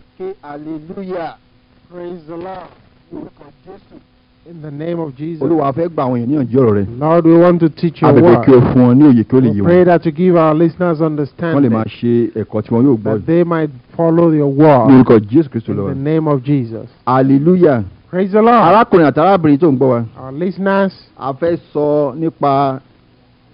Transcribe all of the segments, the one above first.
ẹ̀kẹ́ hallelujah praise the lord orúkọ jésù. In the name of Jesus. Olúwa fẹ́ gba àwọn èèyàn níyànjú rẹ. Lord we want to teach your word. Abẹ̀bẹ̀ kí o fún wọn ní òye kí ó lè yé wọn. We pray that you give our listeners understanding. Wọ́n lè máa ṣe ẹ̀kọ́ tí wọn yóò gbọ́. That they might follow your word. Ní orúkọ Jésù Kristu lọ. In the name of Jesus. Hallelujah. Praise the Lord. Arákùnrin àti arábìnrin tó ń gbọ́ wa. Our listeners. A fẹ́ sọ nípa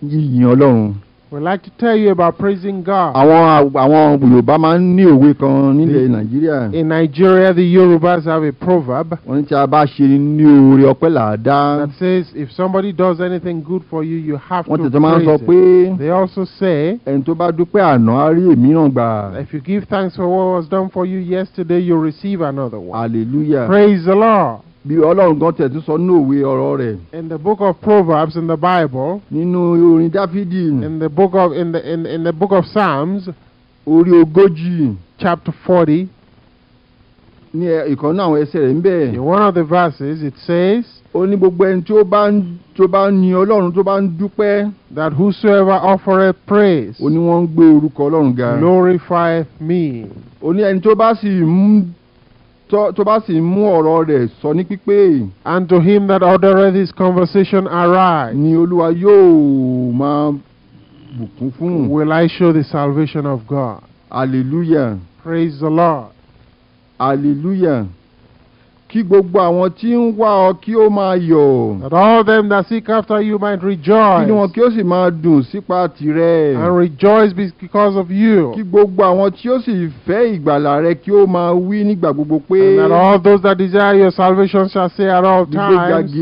yíyìn Ọlọ́run. We like to tell you about praising God. Àwọn àwọn Yorùbá máa ń ní òwe kan nílẹ̀ Nàìjíríà. In Nigeria, the Yorubas have a proverb. Wọ́n ní tí a bá ṣe ní ọpẹ́ That says if somebody does anything good for you, you have to praise it. Wọ́n máa ń sọ pé. They also say. Ẹni tó bá dúpẹ́ àná á rí gbà. If you give thanks for what was done for you yesterday, you receive another one. Hallelujah. Praise the Lord sọ in the book of proverbs in the bible. in the book of in the in, in the book of psalms. chapter forty. in one of the verses it says. that whosoever offereth praise. ó me tó bá sì mú ọ̀rọ̀ rẹ̀ sọ ní pípé. and to him that ordereth his conversation aright. ni olúwa bùkún fún. will I show the salvation of God. hallelujah. praise the Lord. hallelujah. Kí gbogbo àwọn tí ń wá ọ kí ó máa yọ̀. That all them that seek after you might rejoice. Kí wọn kí ó sì máa dùn sípa tirẹ̀. And rejoice because of you. Kí gbogbo àwọn tí ó sì fẹ́ ìgbàlà rẹ kí ó máa wí nígbà gbogbo pé. And that all those that desire your salvation shall say at all times.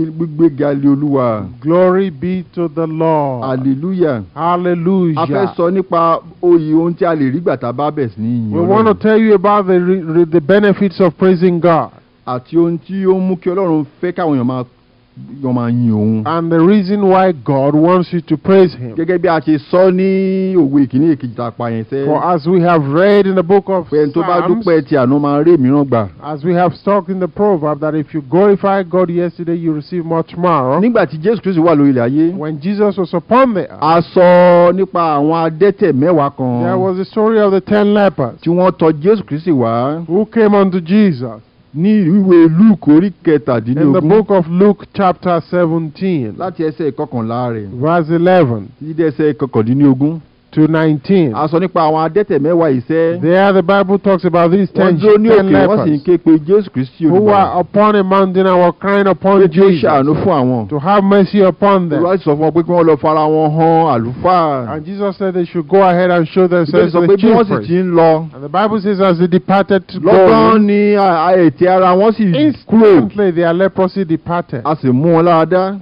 Olúwa. Glory be to the Lord. Hallelujah. Hallelujah. A fẹ́ sọ nípa oyè ohun tí a lè rí bá bẹ̀ sí ní We want to tell you about the, the benefits of praising God àti ohun tí mú kí ọlọ́run fẹ́ káwọn èèyàn máa máa yin òun. and the reason why God wants you to praise him. gẹ́gẹ́ bí a ṣe sọ ní òwe ìkíní for as we have read in the book of Psalms. bá dúpẹ́ ti àná máa rí mìíràn gbà. as we have talked in the proverb that if you glorify God yesterday you receive more tomorrow. nígbà tí Jésù Kristu wà lórí ilẹ̀ ayé. when Jesus was upon the earth. a sọ nípa àwọn adẹ́tẹ̀ mẹ́wàá kan. there was the story of the ten lepers. tí wọ́n tọ̀ Jésù Kristu wá. who came unto Jesus ní ìwé luke orí kẹtàdínlógún. in the book of luke chapter seventeen. láti ẹsẹ̀ ìkọkànlá rẹ̀. verse eleven. ìkọkàndínlógún to nineteen. a nípa àwọn adẹ́tẹ̀ mẹ́wàá there the bible talks about these ten ten lepers. wọ́n ní òkè wọ́n sì ń ké pe jésù kristi who were upon a mountain and were crying upon jesus. pé fún àwọn. to have mercy upon them. olùwàsí sọ fún wọn pé kí wọ́n lọ fara wọn hàn àlùfáà. and jesus said they should go ahead and show themselves to the chief priest. pé bí wọ́n sì ti ń lọ. and the bible says as they departed to go. lọ́gbọ́n ni ètè ara wọn sì kúrò. instantly their leprosy departed. a sì mú wọn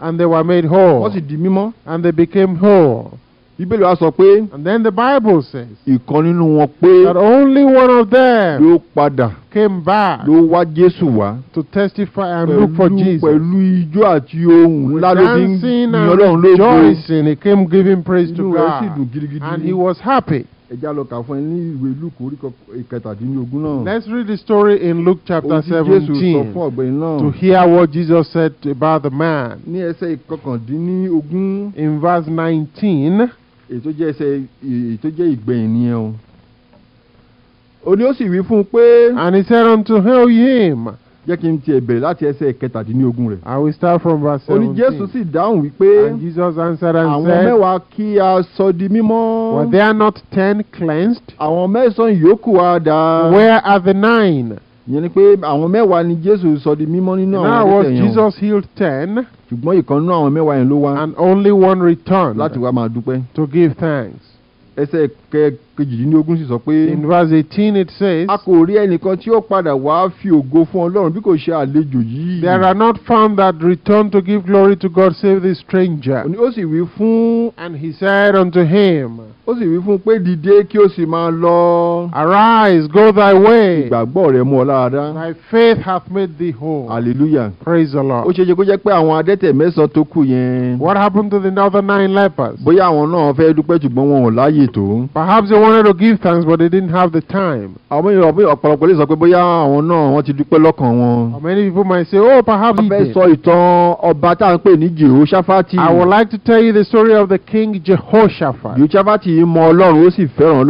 and they were made whole. wọ́n sì di mímọ́. and they became whole bíbélì wa sọ pé. and then the bible says. ìkan nínú wọn pé. that only one of them. ló padà. came back. ló wá Jésù wá. to testify and look for Jesus. pẹ̀lú ijó àti ohun ńlá ló fi ń yan Ọlọ́run lógo. rejoicing he came giving praise to God. sì dùn gidigidi. and he was happy. lọ kà fún ẹ ní ìwé Luke kẹtàdínlógún náà. let's read the story in Luke chapter seventeen. to hear what Jesus said about the man. ní ẹsẹ̀ ìkọkàndínlógún. in verse nineteen. èyí tó jẹ́ ìgbẹ̀yìn nìyẹn o. ó ní ó sì wí fún un pé. and he said unto him. jẹ́ kí n tiẹ̀ bẹ̀rẹ̀ láti ẹsẹ̀ kẹtàdínlógún rẹ̀. I will start from verse seventeen. ó Jésù sì dáhùn wípé. and Jesus answered and said. àwọn mẹ́wàá kí a sọ di mímọ́. were there not ten cleansed? àwọn mẹ́sàn-án yòókù wa dà. where are the nine? ìyẹn ni pé àwọn mẹ́wàá ni jésù sọ di mímọ́ nínú àwọn now was Jesus healed ten. ṣùgbọ́n ìkan nínú àwọn mẹ́wàá yẹn ló wá. and only one returned. láti wá máa dúpẹ́. to give thanks. ẹsẹ̀ kejìdínlógún sì sọ pé. in verse eighteen it says. a kò rí ẹnìkan tí ó padà wá fi ògo fún ọlọ́run bí kò ṣe àlejò yìí. there are not found that return to give glory to God save the stranger. ó sì wí fún. and he said unto him. ó sì wí fún pé dìde kí ó sì máa lọ. arise go thy way. ìgbàgbọ́ rẹ mú ọ thy faith hath made thee whole. hallelujah. praise the lord. ó ṣe é ṣe kó jẹ́ pé àwọn adẹ́tẹ̀ mẹ́sàn-án tó kù yẹn. what happened to the other nine lepers. bóyá àwọn náà fẹ́ dúpẹ́ ṣùgbọ́n wọn ò tó. perhaps they wanted to give thanks but they didn't have the time. many people might say oh perhaps he did. I would like to tell you the story of the king Jehoshaphat. Jehoshaphat Jehoshaphat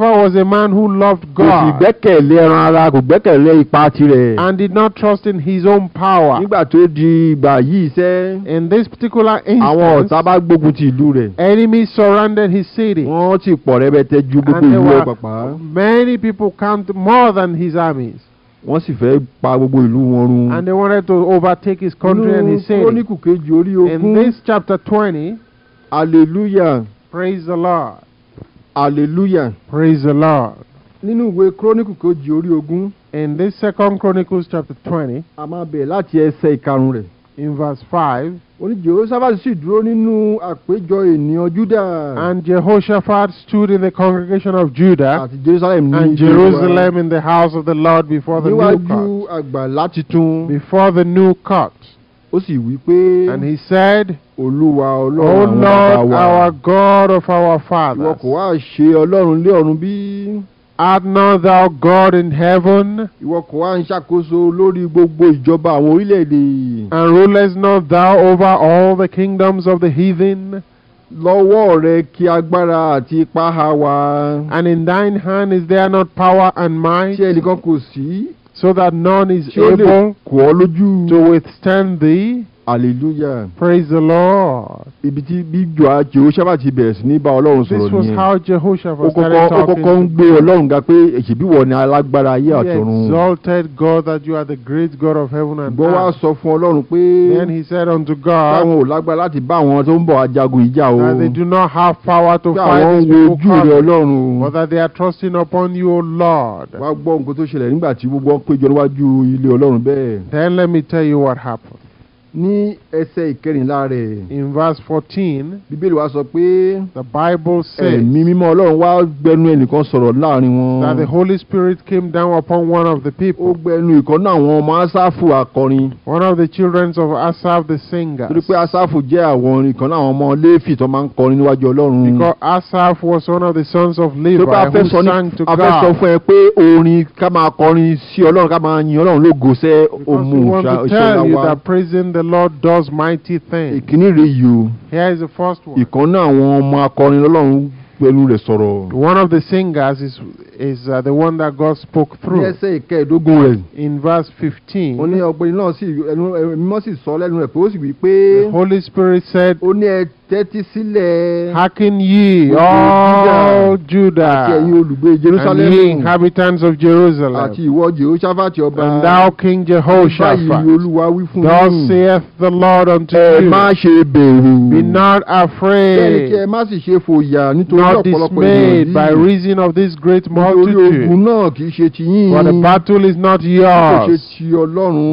was a man who loved God. and did not trust in his own power. in this particular instance. enemies surrounded his city many people camped more than his armies. wọ́n sì fẹ́ pa gbogbo ìlú wọn run. and they wanted to overtake his country and his city. kóníkù kejì orí ogún. in this chapter twenty. hallelujah. praise the lord. hallelujah. praise the lord. nínú ìwé kóníkù kejì orí ogún. in this second chronicles chapter twenty. a máa láti ẹsẹ̀ ìkarùn rẹ̀. in verse five. And Jehoshaphat stood in the congregation of Judah and Jerusalem in the house of the Lord before the new court. Before the new court. And he said, O Lord, our God of our fathers. Art not thou God in heaven? And rulest not thou over all the kingdoms of the heathen? And in thine hand is there not power and might? So that none is able to withstand thee? hallelujah. praise the lord. this was how jehoshaphat started talking. he exalted God that you are the great God of heaven and earth. then he said unto God. that they do not have power to fight this people coming. but that they are trusting upon you o lord. then let me tell you what happened ní ẹsẹ̀ ìkẹrìnlá rẹ̀. in verse fourteen. bíbélì wa sọ pé. the bible says. ẹ̀mí mímọ́ ọlọ́run wá gbẹnu ẹnìkan sọ̀rọ̀ láàrin wọn. that the holy spirit came down upon one of the people. ó gbẹnu ìkan náà ọmọ asafu akọrin. one of the children of asaf the singer. torí pé asafu jẹ́ àwọn ìkan náà ọmọ tó máa ń kọrin níwájú ọlọ́run. because asaf was one of the sons of levi who sang to God. fún ẹ pé orin ká máa kọrin sí ọlọ́run ká máa yin ọlọ́run lógo sẹ́ Lord does mighty things. Ìkíní yìí o. Here is the first one. àwọn ọmọ akọrin lọ́lọ́run pẹ̀lú rẹ̀ sọ̀rọ̀. One of the singers is is uh, the one that God spoke through. Ní ẹsẹ̀ rẹ̀. In verse fifteen. ọ̀gbẹ́ni náà sì ẹnu ẹ̀mí mọ́ sì sọ lẹ́nu rẹ̀ pé ó sì wí pé. The Holy Spirit said. ẹ tẹ́tí hearken ye all Judah and ye inhabitants of Jerusalem and thou king Jehoshaphat. thus saith the Lord unto you. be not afraid. bẹ́ẹ̀ni not dismayed by reason of this great multitude. for the battle is not yours.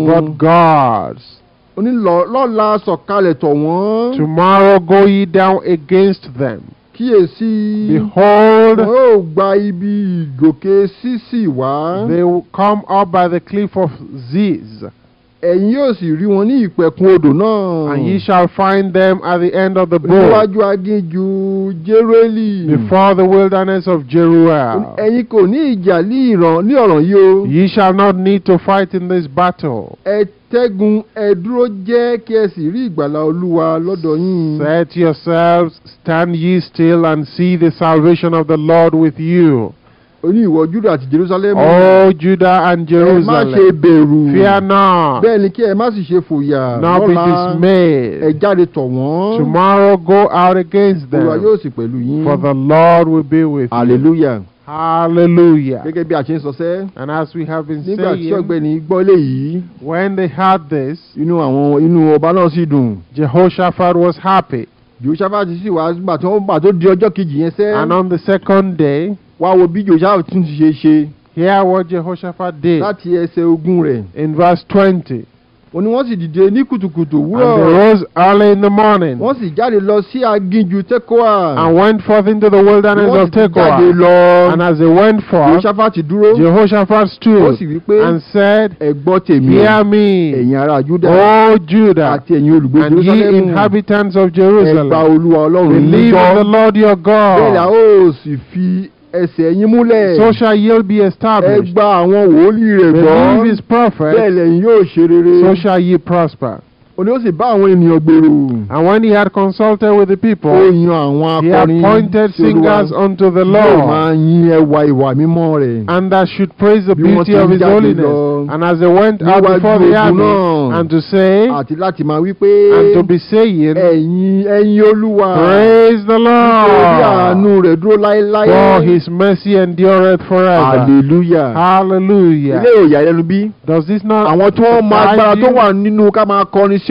but God's onílọ́la sọ̀kalẹ̀ tọ̀ wọ́n. tomorrow go ye down against them. kíyèsí. behold. wọn ò gba ibi ìgòkè sísì wá. they will come up by the cliff of Ziz ẹ̀yin yóò sì rí wọn ní ìpẹ̀kun odò náà. and ye shall find them at the end of the boat. níwájú aginjù jerueli. before the wilderness of jeruel. ẹ̀yin kò ní ìjà ní ìran ní ọ̀ràn yìí o. ye shall not need to fight in this battle. ẹ tẹ́gun jẹ́ kí ẹ sì rí ìgbàlà olúwa lọ́dọ̀ yín. set yourselves stand ye still and see the salvation of the Lord with you oní ìwọ juda àti jerusalem. o juda and jerusalem. ẹ má ṣe bẹ̀rù. fear not. bẹ́ẹ̀ ni kí ẹ má sì ṣe fòyà. not be dismayed. ẹ jáde tọ̀ wọ́n. tomorrow go out against them. olúwa yóò sì pẹ̀lú yín. for the lord will be with you. hallelujah. Hallelujah. Gẹ́gẹ́ bí a ṣe ń sọ sẹ́. And as we have been saying. Nígbà tí ọ̀gbẹ́ni gbọ́ léyìí. When they heard this. Inú àwọn inú ọba náà sì dùn. Jehoshaphat was happy. Jòṣáfàtì sì wá gbà tó gbà tó di ọjọ́ kejì yẹn sẹ́. and on the second day. wá wo bí Jòṣáfàtì tún ti ṣe ṣe. hear what Jehoshaphat did. láti ẹsẹ̀ ogún rẹ̀. in verse twenty. ó wọ́n sì dìde ní kùtùkùtù wúrọ̀. and they rose early in the morning. wọ́n sì jáde lọ sí aginjù tekoa. and went forth into the wilderness of tekoa. jáde lọ. and as they went forth. jehoshaphat dúró. jehoshaphat stood. ó sì and said. ẹ tèmi. hear me. ẹ̀yin ará juda. o juda. àti ẹ̀yin jerusalem. and ye inhabitants of jerusalem. ẹ olúwa ọlọ́run yín gbọ́. believe in the lord your god. bẹ́ẹ̀ la ó sì fi ẹsẹ̀ yín múlẹ̀. so shall ye be established. ẹ gba àwọn wòlíì rẹ̀ gbọ́. believe bẹ́ẹ̀ lẹ́yìn yóò ṣe rere. so shall ye prosper and when he had consulted with the people. he appointed singers unto the Lord. and that should praise the beauty of his holiness. and as they went out before the army. and to say. and to be saying. praise the Lord. for his mercy endureth forever. hallelujah. hallelujah. does this not. tó tó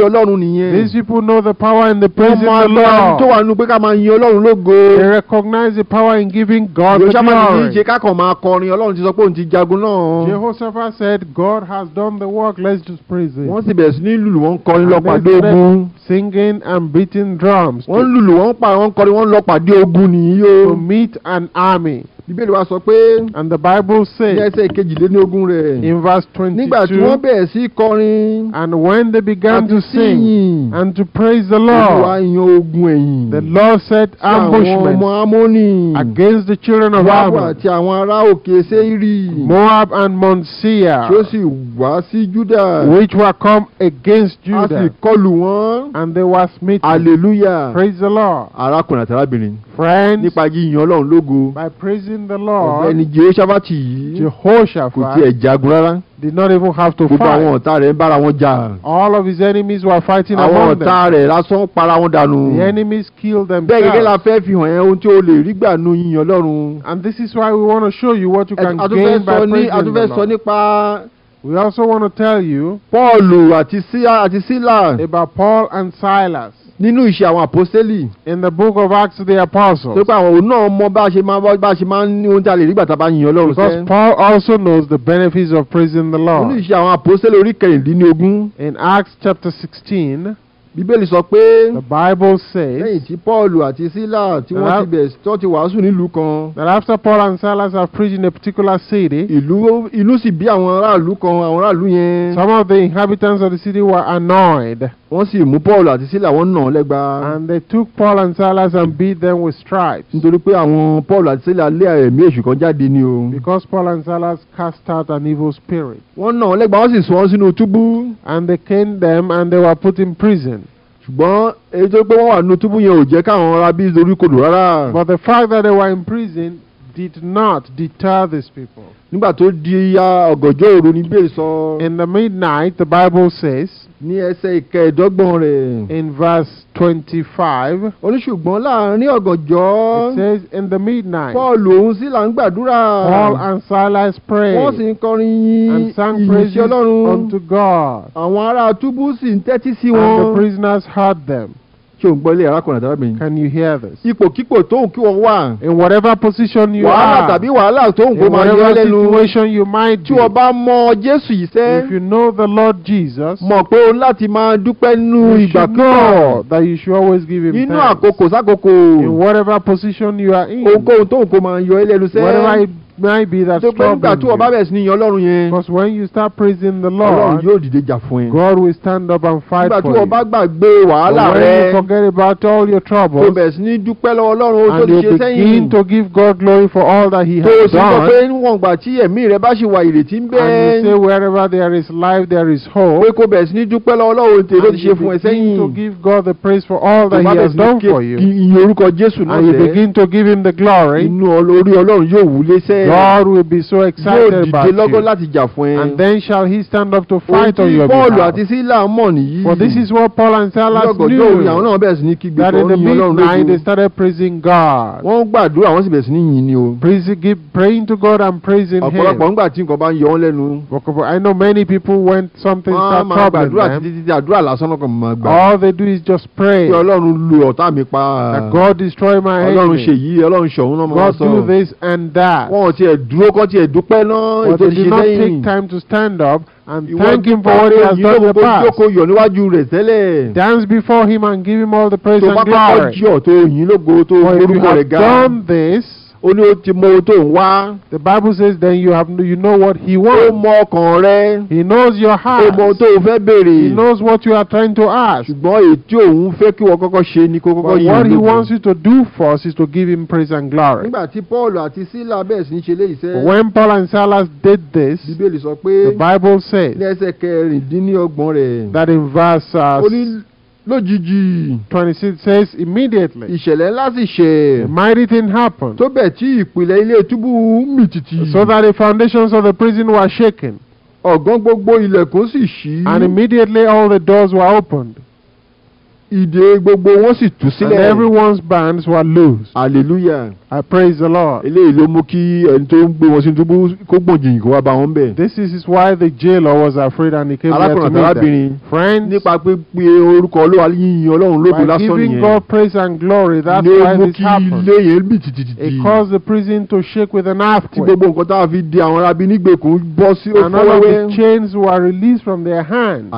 Ọlọ́run these people know the power and the presence of the Lord. tó wà pé ká yin Ọlọ́run lógo. they recognize the power in giving God the glory. Yorùbá kọrin Ọlọ́run ti sọ pé ti jagun Jehoshaphat said God has done the work let's just praise him. wọ́n sì lùlù wọ́n kọrin lọ pàdé ogun. singing and beating drums. wọ́n lùlù wọ́n pa wọ́n kọrin wọ́n lọ pàdé ogun to meet an army bíbélì wa sọ pé. and the bible says. ní ẹsẹ̀ kejìlélógún rẹ̀. in verse twenty-two. nígbà tí wọ́n bẹ̀rẹ̀ sí kọrin. and when they began to sing. àti and to praise the lord. olúwa ogun ẹ̀yìn. the lord set ambushment. àwọn ọmọ amóni. against the children of Ammon. wàhùn àti àwọn ará òkè sẹ́yìrì. moab and mount seir. tí ó sì wá sí which were come against judah. a sì kọlù wọn. and they were smitten. hallelujah. praise the lord. arákùnrin àti arábìnrin friends. nípa yíyan ọlọ́run lógo. by praising the lord. ọ̀gbẹ́ni jehoshaphat yìí. jehoshaphat kò tiẹ̀ jagun rárá. did not even have to fight. gbogbo àwọn ọ̀tá rẹ̀ ń bára wọn jà. all of his enemies were fighting among them. àwọn ọ̀tá rẹ̀ lásán para wọn dànù. the enemies killed them. bẹ́ẹ̀ gẹ́gẹ́ la fẹ́ fi hàn ohun tí o lè rí gbà nu yíyan ọlọ́run. and this is why we want to show you what you can gain by praising the lord. sọ nípa. We also want to tell you. Paul àti About Paul and Silas. Nínú ìṣe àwọn àpọ́sẹ́lì. In the book of Acts of the Apostles. Tó pé àwọn òun náà mọ bá a ṣe máa bá a ṣe máa bá Ọlọ́run sẹ́. Because Paul also knows the benefits of praising the Lord. Nínú ìṣe àwọn orí kẹrìndínlógún. In Acts chapter sixteen bíbélì sọ pé. the bible says. lẹ́yìn tí paul àti sila tí wọ́n ti bẹ̀ tó ti wàásù nílùú kan. that after paul and silas have preached in a particular city. ìlú ìlú sì bí àwọn aráàlú kan àwọn aráàlú yẹn. some of the inhabitants of the city were annoyed. wọ́n sì mú paul àti sila wọ́n nà lẹ́gba. and they took paul and silas and beat them with stripes. nítorí pé àwọn paul àti sila lé ẹ̀mí èṣù kan jáde ni o. because paul and silas cast out an evil spirit. wọ́n nà lẹ́gba wọ́n sì sọ wọ́n sínú túbú. and they caned them and they were put in prison ṣùgbọ́n èyí tó wọn wà nínú túbú yẹn ò jẹ́ káwọn kodò rárá. but the fact that they were in prison did not deter these people. nígbà tó di òru ní bẹ́ẹ̀ sọ. in the midnight the bible says. ní ẹsẹ̀ ìkẹẹ̀dọ́gbọ̀n rẹ̀. in verse twenty-five. láàrin it says in the midnight. Paul òun sì là ń gbàdúrà. Paul and Silas prayed. wọ́n sì ń kọrin yín. and sang praises unto God. àwọn ará túbú sì ń tẹ́tí sí wọn. and the prisoners heard them can you hear this. in whatever position you are. in whatever situation you might be. if you know the Lord Jesus. mọ̀ pé o that you should always give him thanks. in whatever position you are in. whatever might be that struggle. tó because when you start praising the Lord. God will stand up and fight for you. nígbà when you forget about all your troubles. and you begin to give God glory for all that he has done. and you say wherever there is life there is hope. and you begin to give God the praise for all that he has done for you. and you begin to give him the glory. inú orí ọlọ́run yóò wúlé sẹ́ God will be so excited about you. and then shall he stand up to fight on your behalf. for this is what Paul and Silas knew. that in the midnight they started praising God. wọ́n gbàdúrà praying to God and praising him. I know many people when something starts troubling them. all they do is just pray. that God destroy my enemy. God do this and that kàn dúró dúpẹ́ náà ètò but did not take time to stand up and thank him for what he has done in the past. gbogbo jókòó yọ̀ níwájú rẹ̀ tẹ́lẹ̀. dance before him and give him all the praise and glory. tó bá tó yìn lógo tó orúkọ rẹ̀ ga. if you have done this ní ó ti mọ ohun tó ń wá. the bible says then you have you know what he wants. ó mọ ọkàn rẹ. he knows your heart. ó mọ ohun tó o fẹ́ béèrè. he knows what you are trying to ask. ṣùgbọ́n èyí òun fẹ́ kí wọ́n kọ́kọ́ ṣe ni kó kọ́kọ́ but what he wants you to do us is to give him praise and glory. nígbà tí Paul àti Sila sí ṣe léyìí sẹ́. when Paul and Silas did this. bíbélì sọ pé. the bible says. ní ẹsẹ̀ rẹ̀. that in verse. Uh, lójijì. twenty six says immediately. ìṣẹ̀lẹ̀ ńlá sì ṣe. a mighty thing happened. tó bẹ̀ tí ìpìlẹ̀ ilé túbú mì tìtì. so that the foundations of the prison were shaken. ọ̀gán gbogbo ilẹ̀kùn sì ṣí. and immediately all the doors were opened ìdè gbogbo wọn sì tú sílẹ̀. and everyone's bands were loose. hallelujah. I praise the Lord. eléyìí ló mú kí ẹni tó ń gbé wọn túbú kó kó wá bá wọn bẹ̀. this is why the jailer was afraid and he came back to meet them. alákùnrin friends. nípa pípe orúkọ ọlọ́run lásán nìyẹn. by giving God praise and glory that's why this happened. ní ó mú kí ilé yẹn bì it caused the prison to shake with an earthquake. tí gbogbo nǹkan tá a fi di àwọn arábí nígbèkùn bọ́ sí and all of the chains were released from their hands.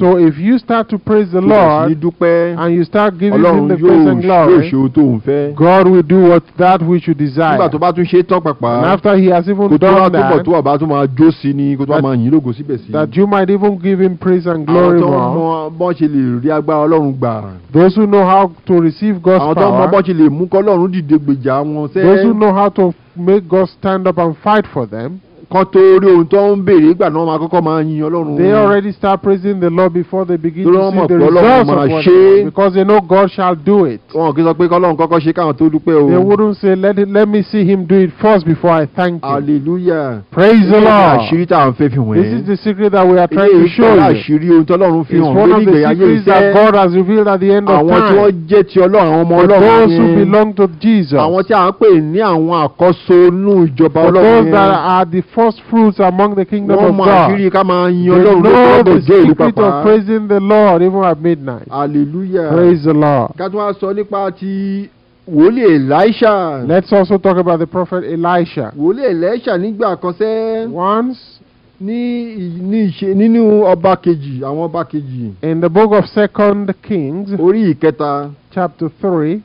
so if you start start to praise the Lord and you start giving Him the praise and glory, God will do what that which you desire. And after He has even done that, that, that you might even give Him praise and glory more. Those who know how to receive God's power, those who know how to make God stand up and fight for them, tó ohun tó ń béèrè náà máa kọ́kọ́ máa yin ọlọ́run. they already start praising the Lord before they begin to see the results of what they do because they know God shall do it. wọn kì sọ pé kọ́lọ́run kọ́kọ́ ṣe káwọn tó dúpẹ́ o. they wouldn't say let, let me see him do it first before I thank him. hallelujah. praise the Lord. àṣírí à ń fẹ́ fi this is the secret that we are trying to show you. àṣírí ohun tọ́lọ́run fi hàn lórí iṣẹ́. it's one of the secrets that God has revealed at the end of time. àwọn tí wọ́n jẹ́ ti ọlọ́run àwọn ọmọ ọlọ́run yẹn. those who belong to Jesus. àwọn tí à ń pè ní those that are the first fruits among the kingdom of God. They know the secret of praising the Lord even at midnight. Hallelujah. Praise the Lord. wòlíì elisha. let's also talk about the prophet elisha. wòlíì elisha nígbà kan sẹ́. once. ní ní ìṣe nínú ọba kejì àwọn ọba kejì. in the book of second kings. orí ìkẹta. chapter three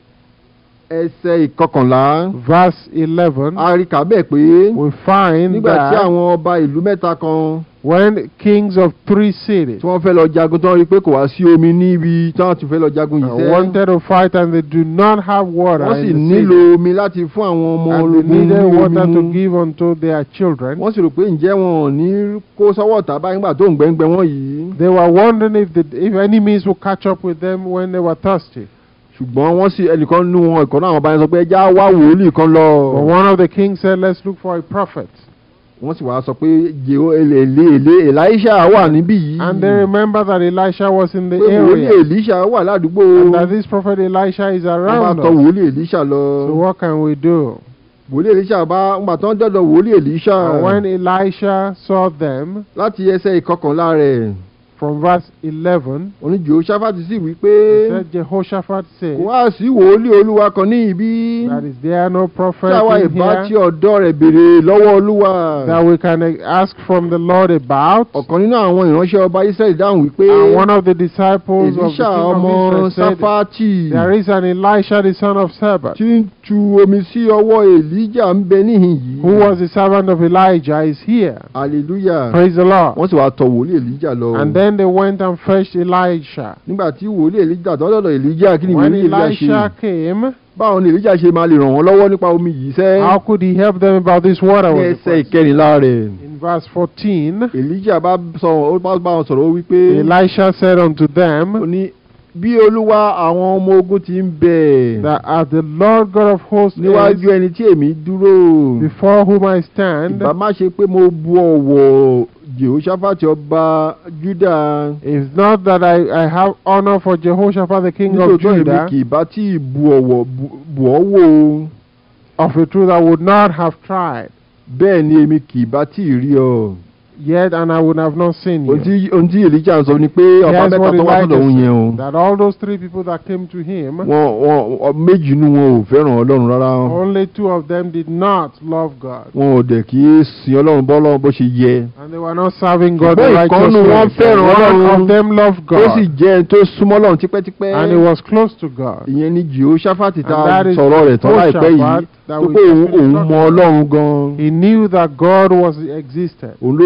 ẹsẹ̀ ìkọkànlá. verse eleven. a bẹ́ẹ̀ pé. we find that. nígbà tí àwọn ọba ìlú mẹ́ta kan. when kings of three cities. tí wọ́n fẹ́ lọ jagun tán rí pé kò wá sí omi níbi tí wọ́n ti fẹ́ lọ jagun yìí ti won ti fe lo jagun yii wanted to fight and they do not have water wọ́n sì nílò omi láti fún àwọn ọmọ ológun and they needed water to give unto their children. wọ́n sì rò pé ǹjẹ́ wọn ò ní kó sọ́wọ́ báyìí nígbà tó ń gbẹ́ngbẹ́ wọn yìí. they were wondering if, the, if enemies would catch up with them when they were thirsty ṣùgbọ́n wọ́n sì ẹnìkan nú wọn náà bá yẹn sọ pé ẹja lọ. but one of the kings said let's look for a prophet. wọ́n sì wáá sọ pé èlé èlé elisha wà níbí yìí. and they remember that elisha was in the area. pé wòlíì elisha wà ládùúgbò. and that this prophet elisha is around us. wọ́n bá tọ̀ wòlíì elisha lọ. so what can we do. wòlíì elisha bá ńgbà tán dọ̀dọ̀ wòlíì elisha. and when elisha saw them. láti ẹsẹ̀ ìkọkànlá rẹ̀ from verse eleven. oní jehoshaphat sì wí pé. he said jehoshaphat said. wá sí wòlíì olúwa kan ní ibí. that is there no prophet in here. sáwa ìbá ọ̀dọ́ rẹ̀ béèrè lọ́wọ́ olúwa. that we can ask from the lord about. ọ̀kan nínú àwọn ìránṣẹ́ ọba dáhùn wí pé. and one of the disciples of the king of Israel said. there is an elisha the son of saba. tí ń tu omi sí ọwọ́ elijah ń bẹ who was the servant of elijah is here. hallelujah. praise the lord. wọ́n sì wá tọ̀ wòlíì elijah lọ. and then then they went and fetched Elisha. Elijah Elijah When Elisha came. How could he help them about this water? In verse fourteen. Elijah Elisha said unto them bí olúwa àwọn ọmọ ogun ti ń bẹ. that as the lord god of hosts is. níwájú ẹni tí èmi dúró. before whom i stand. ìbá má ṣe pé mo bu ọ̀wọ̀ jehoshaphat ọba juda. it's not that i i have honour for jehoshaphat the king of judah. nítorí èmi kì í bá tí ì bu ọ̀wọ̀ bu ọ̀wọ̀. of a truth i would not have tried. bẹ́ẹ̀ ni èmi kì í bá tí ì rí ọ yet and I would have not seen him. Ohun ohun tí Elijah sọ That all those three people that came to him. Only two of them did not love God. Wọn ò dẹ̀ kí sin Ọlọ́run yẹ. And they were not serving God the righteous way. Ṣùgbọ́n ìkọ́nù wọn One of them loved God. And he was close to God. Ìyẹn ni Jehoshaphat that we he knew that God was existed. and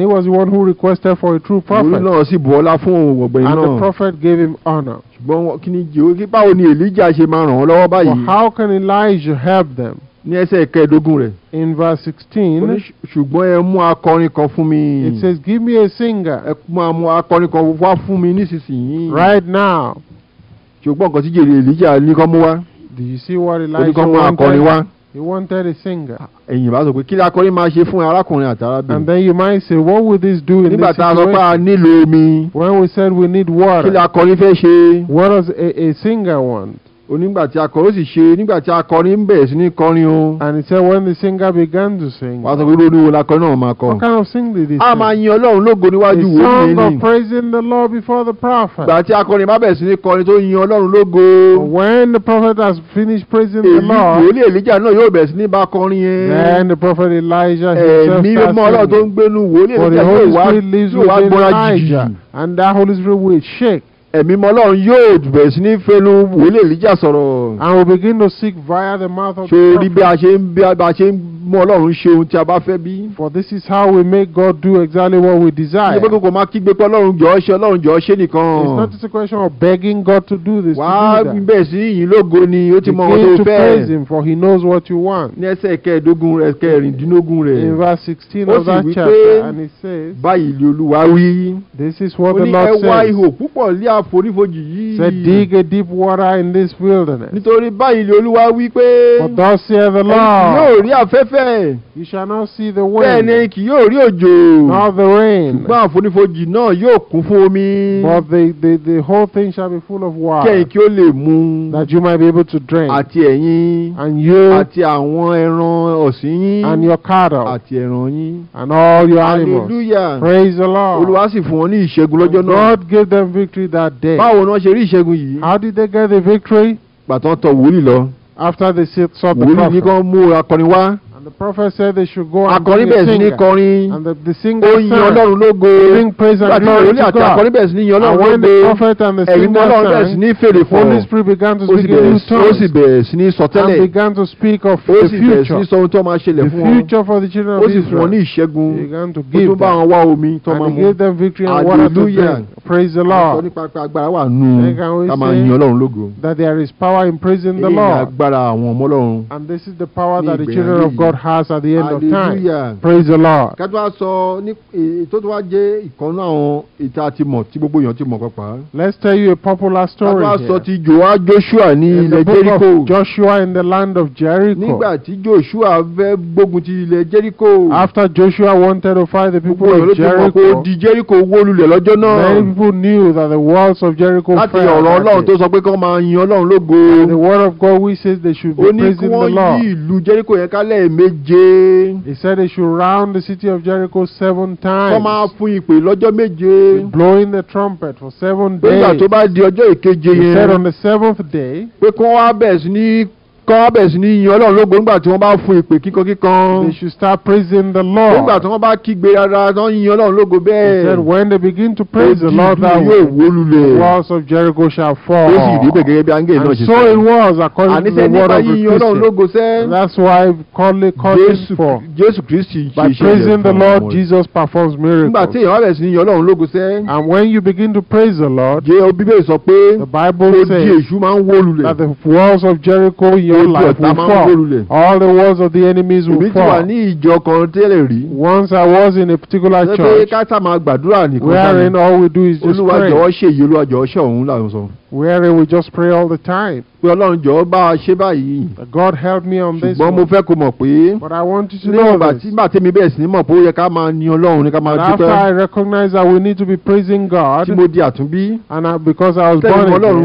he was the one who requested for a true prophet. and the prophet gave him honour. but how can Elijah help them? in verse sixteen. ṣùgbọ́n ẹ mú akọrin kan fún mi. it says give me a singer. ẹ máa mú akọrin kan wá fún mi nísinsìnyí. right now. ṣùgbọ́n tí jèrè Elijah ní mú wá do you see what Elijah wanted? he wanted a singer. and then you might say what would this do in this situation. when we said we need water. what does a, a singer want onígbàtí akọrin ó sì ṣe nígbàtí akọrin ń bẹ̀rẹ̀ sí ní kọrin o. and he said when the singer began to sing. wàá sọ pé olórí wo lakọrin náà máa kọ. what kind of sing did he sing. a máa yin ọlọ́run lógo níwájú wo ní ẹni. a of praising the Lord before the prophet. gbàtí akọrin bá bẹ̀rẹ̀ sí ní kọrin tó yin ọlọ́run lógo. when the prophet has finished praising the Lord. èyí wòlíì Elijah náà yóò bẹ̀rẹ̀ sí ní bá kọrin yẹn. then the prophet Elijah himself starts singing. ẹ̀mí mọ́ ọlọ́run tó ń gbénu wòlíì Elijah yóò wá gbọ́ra jìjì. and that Holy Spirit will shake and we begin to seek via the mouth of. ṣe for this is how we make God do exactly what we desire. it's not just a question of begging God to do this. wàá bẹ̀rẹ̀ tó begin to praise him for he knows what you want. in verse sixteen of that chapter and he says. this is what the Lord says said dig a deep water in this wilderness. for thus saith the Lord. you shall not see the wind. nor the rain. but the the the whole thing shall be full of water. that you might be able to drink. and you. and your cattle. and all your animals. praise the Lord. God gave them victory that that báwo ni wọ́n ṣe rí ìṣẹ́gun yìí. how did they get the victory? pàtó tọ̀ wòlíì lọ. after they saw the prophet. wòlíì ní kàn mú akọni wá. the prophet said they should go and sing and the, the singer sang oyin ọlọ́run lógo praise and glory to God and when the prophet and the singer sang ẹ̀yin holy spirit began to speak in new tongues and began to speak of the future the future for the children of Israel He began tó give and them victory and water to drink praise the Lord that there is power in praising the Lord and this is the power that the children of God has at the end Hallelujah. of time. Praise the Lord. Ká wá sọ ní tó tó wá jẹ́ ìkànnú àwọn ìta ti mọ̀ tí gbogbo èèyàn ti mọ̀ pàpà. Let's tell you a popular story here. Ká wá sọ ti Jòhá Joshua ní ilẹ̀ Jericho. In the Joshua in the land of Jericho. Nígbà tí Joshua fẹ́ gbógun ti ilẹ̀ Jericho. After Joshua wanted to fight the people of Jericho. Gbogbo èèyàn ti mọ̀ pé ó di Jericho wó lulẹ̀ lọ́jọ́ náà. Many people knew that the walls of Jericho fell. Láti ọ̀rọ̀ Ọlọ́run tó sọ pé kí máa yin Ọlọ́run lógo. The word of God which says they should be praising the Lord. méje. He said they should round the city of Jericho seven times. Wọ́n máa fún ìpè lọ́jọ́ méje. Blowing the trumpet for seven days. Nígbà tó bá di ọjọ́ ìkeje yẹn. He said on the seventh day. Pé kí wọ́n wá bẹ̀rẹ̀ sí ní kọ́ sí ní ọlọ́run lógo nígbà tí wọ́n bá fún ìpè kíkan kíkan. they should start praising the Lord. nígbà tí wọ́n bá kígbe wọ́n yin ọlọ́run lógo bẹ́ẹ̀. he said when they begin to praise the Lord that way the walls of Jericho shall fall. ó sì rí gẹ́gẹ́ bí angel náà ṣe sọ. and so it was according to the word of the Christian. that's why calling calling for. Jésù Kristi ṣe iṣẹ́ by praising the Lord Jesus performs miracles. nígbà tí bẹ̀rẹ̀ sí ní ọlọ́run lógo sẹ́. and when you begin to praise the Lord. jẹ́ Bíbélì sọ pé. the Bible says that the walls of Jericho whole life will fall. All the words of the enemies will fall. Once I was in a particular church, wherein all we do is just pray. wherein we just pray all the time. God help me on this one. but I want you to know that. nígbà tí after I recognize that we need to be praising God. and I, because I was born again.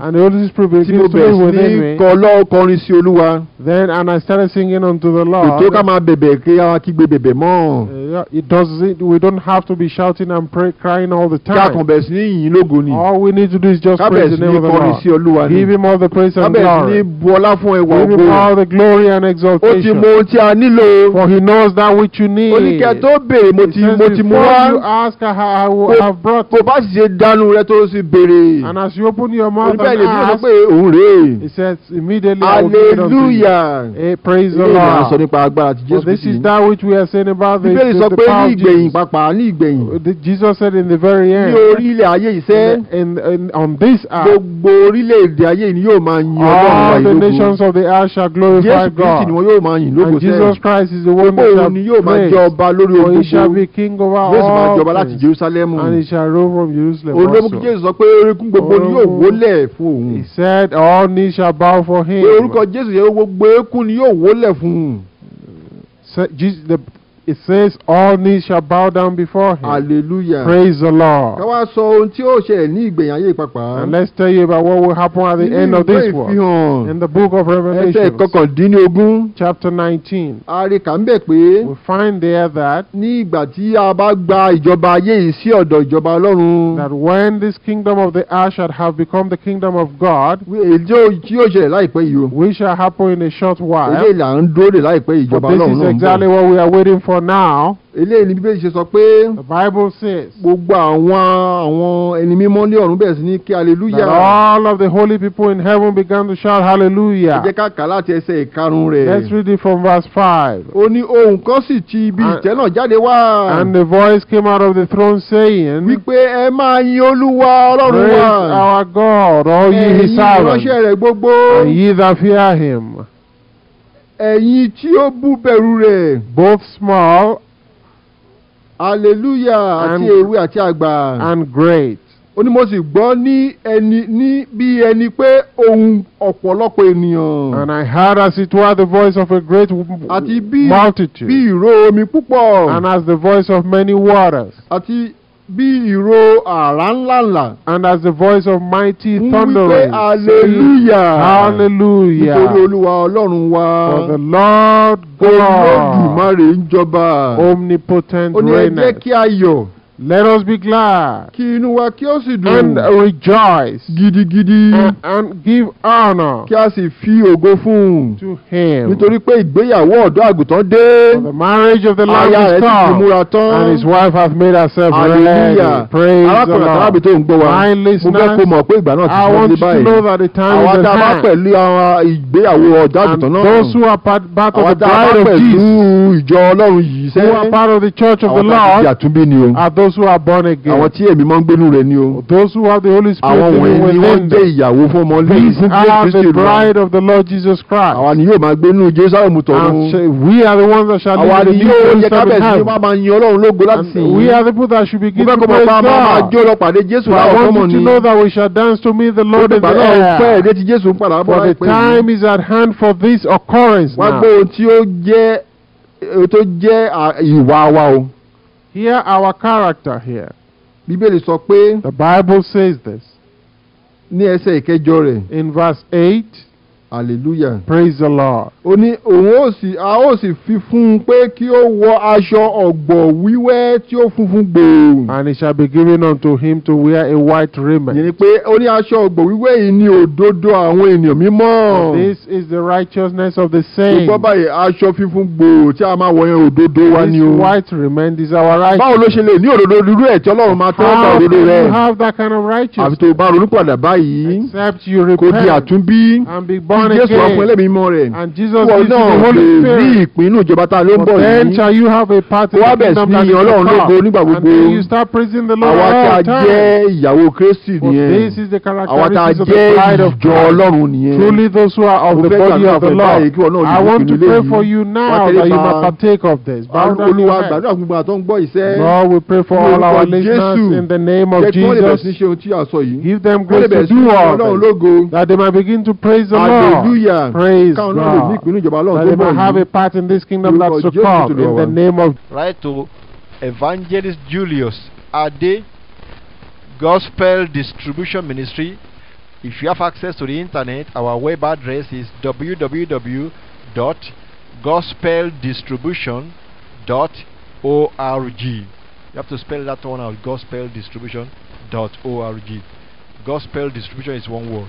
and the Holy Spirit begins to live within me. then and I started singing unto the Lord. it doesn't we don't have to be shouting and pray, crying all the time. all we need to do is just just praise Give him all the praise and glory. Give him all the glory and exaltation. For he knows that which you need. He says, you ask, I will have brought it. And as you open your mouth and ask, he says, immediately I will give you. Hey, eh, praise the Lord. For this is that which we are saying about the, the, the power of Jesus. Jesus said in the very end, in, in, on this These are gbogbo orílẹ̀-èdè ayé ni yóò máa yin Ọlọ́run wa ìlógo. All the nations of the earth shall glorify God. Jésù Kristi ni wọn yóò máa yin lógo sẹ́yìn. And Jesus Christ is the one that shall praise. Òun ni shall máa jẹ ọba lórí ogun. For he shall be king over all. Yóò sì And he shall rule from Jerusalem also. Olóògùn Jésù sọ pé orúkún gbogbo ni yóò oh, wólẹ̀ fún òun. He said all knees shall bow for him. Pé orúkọ Jésù yẹn gbogbo eékún ni yóò wólẹ̀ fún un. Jesus, the It says all knees shall bow down before him. Hallelujah. Praise the Lord. And let's tell you about what will happen at the end of this world. In the book of Revelation. Chapter nineteen. We find there that. Ní bá That when this kingdom of the ash shall have become the kingdom of God. Èyí Which shall happen in a short while. But this is exactly what we are waiting for. for now. eléyìí ni bíbélì ṣe sọ pé. the bible says. gbogbo àwọn àwọn ẹni mímọ́ ní ọ̀run bẹ̀rẹ̀ sí ní kí hallelujah. that all of the holy people in heaven began to shout hallelujah. ẹ jẹ́ ká kà láti ẹsẹ̀ ìkarùn rẹ̀. let's read it from verse five. ó ní ohùn kan sì ti ibi ìtẹ́ náà jáde wá. and the voice came out of the throne saying. wípé ẹ máa yin olúwa ọlọ́run wa. praise our God all ye his servants. ẹ̀yin ìránṣẹ́ rẹ̀ gbogbo. and ye that fear him. both small. hallelujah àti and great. ẹni ní bí ẹni and I heard as it were the voice of a great multitude. and as the voice of many waters bí ìró àrá land, and as the voice of mighty thundering. wípé hallelujah. hallelujah. nítorí olúwa ọlọ́run wa. for the lord God. olódùmarè ń jọba. omnipotent ó ní kí a yọ̀. Let us be glad. Kí inú wa kí ó sì dùn. And rejoice. Gidigidi. And, and give honour. Kí a sì fi ògo fún To him. Nítorí pé ìgbéyàwó ọ̀dọ́ àgùntàn dé. For the marriage of the Lamb is come. Aya rẹ̀ ti fi múra tán. And his wife has made herself ready. Hallelujah. Praise the Lord. Arákùnrin àtàlábì tó ń gbọ́ wa. My listeners. Mo fẹ́ kó mọ̀ pé ìgbà náà ti lọ sí báyìí. I want to know that the time is at hand. Àwọn tá a pẹ̀lú àwọn ìgbéyàwó ọ̀dọ́ àgùntàn náà. And those who are part, part of the bride of Jesus. Àwọn tá a pẹ̀lú ìjọ Ọlọ́run yìí sẹ́yìn. Who are part of the church of the Lord. Àwọn tá a ti àtúnbí ni o. Are those those who are born again. àwọn tí èmi máa ń gbénu rẹ̀ ni o. those who have the holy spirit àwọn wọ̀nyí ni wọ́n jẹ́ ìyàwó fún ọmọ lẹ́yìn these are the bride of the lord jesus christ. àwa ni yóò máa gbénu jerusalem tọ̀run. and we are the ones that shall live in the new jerusalem. àwa ni yóò yẹ kábẹ̀ sí wàá máa yin ọlọ́run lógo láti sìn. we are the people that should begin to praise God. mo fẹ́ kọ́ mọ̀ máa jó lọ pàdé jésù láwọn kọ́mọ̀ ni. I want you to know that we shall dance to meet the lord in the air. pẹ́ ẹ̀dẹ́ ti jésù padà bọ̀ láìpẹ́. for the time is at hand for this occurrence Hear our character here. Bíbélì sọ pé. The Bible says this. Ní ẹsẹ̀ ìkẹjọ rẹ̀. In verse eight hallelujah. praise the lord. ó ní òun ó sì a ó sì fi fún un pé kí ó wọ aṣọ ọ̀gbọ̀ wíwẹ́ tí ó funfun gbòò. and it shall be given unto him to wear a white raiment. yìí ni pé ó ní aṣọ ọ̀gbọ̀ wíwẹ́ yìí ni òdodo àwọn ènìyàn mímọ́. this is the righteousness of the saints. báyìí aṣọ gbòò tí a máa wọ yẹn òdodo wa ni o. this white raiment is our right. báwo ló ṣe lè ní òdodo ẹ̀ tí ọlọ́run máa ọ̀gbà òdodo rẹ̀. how do you have that kind of righteousness. àfi tó o bá ronú padà báyìí. except you repent. kó di àtúnbí. and be born born again. And Jesus is the Holy Spirit. Wọ́n Then shall you have a part in the kingdom that is to come. Wọ́n you start praising the Lord all the time. For this is the characteristics of the bride of Christ. Àwa Truly those who are of the body of the Lord. I want to pray for you now that you may partake of this. Olúwa Lord we pray for all our listeners in the name of Jesus. Give them grace to do all That they might begin to praise the Lord. Hallelujah. Praise God. That they may have a part in this kingdom that's to come in the name of. Right to Evangelist Julius Ade, Gospel Distribution Ministry. If you have access to the internet, our web address is www.gospeldistribution.org. You have to spell that one out gospeldistribution.org. Gospel distribution is one word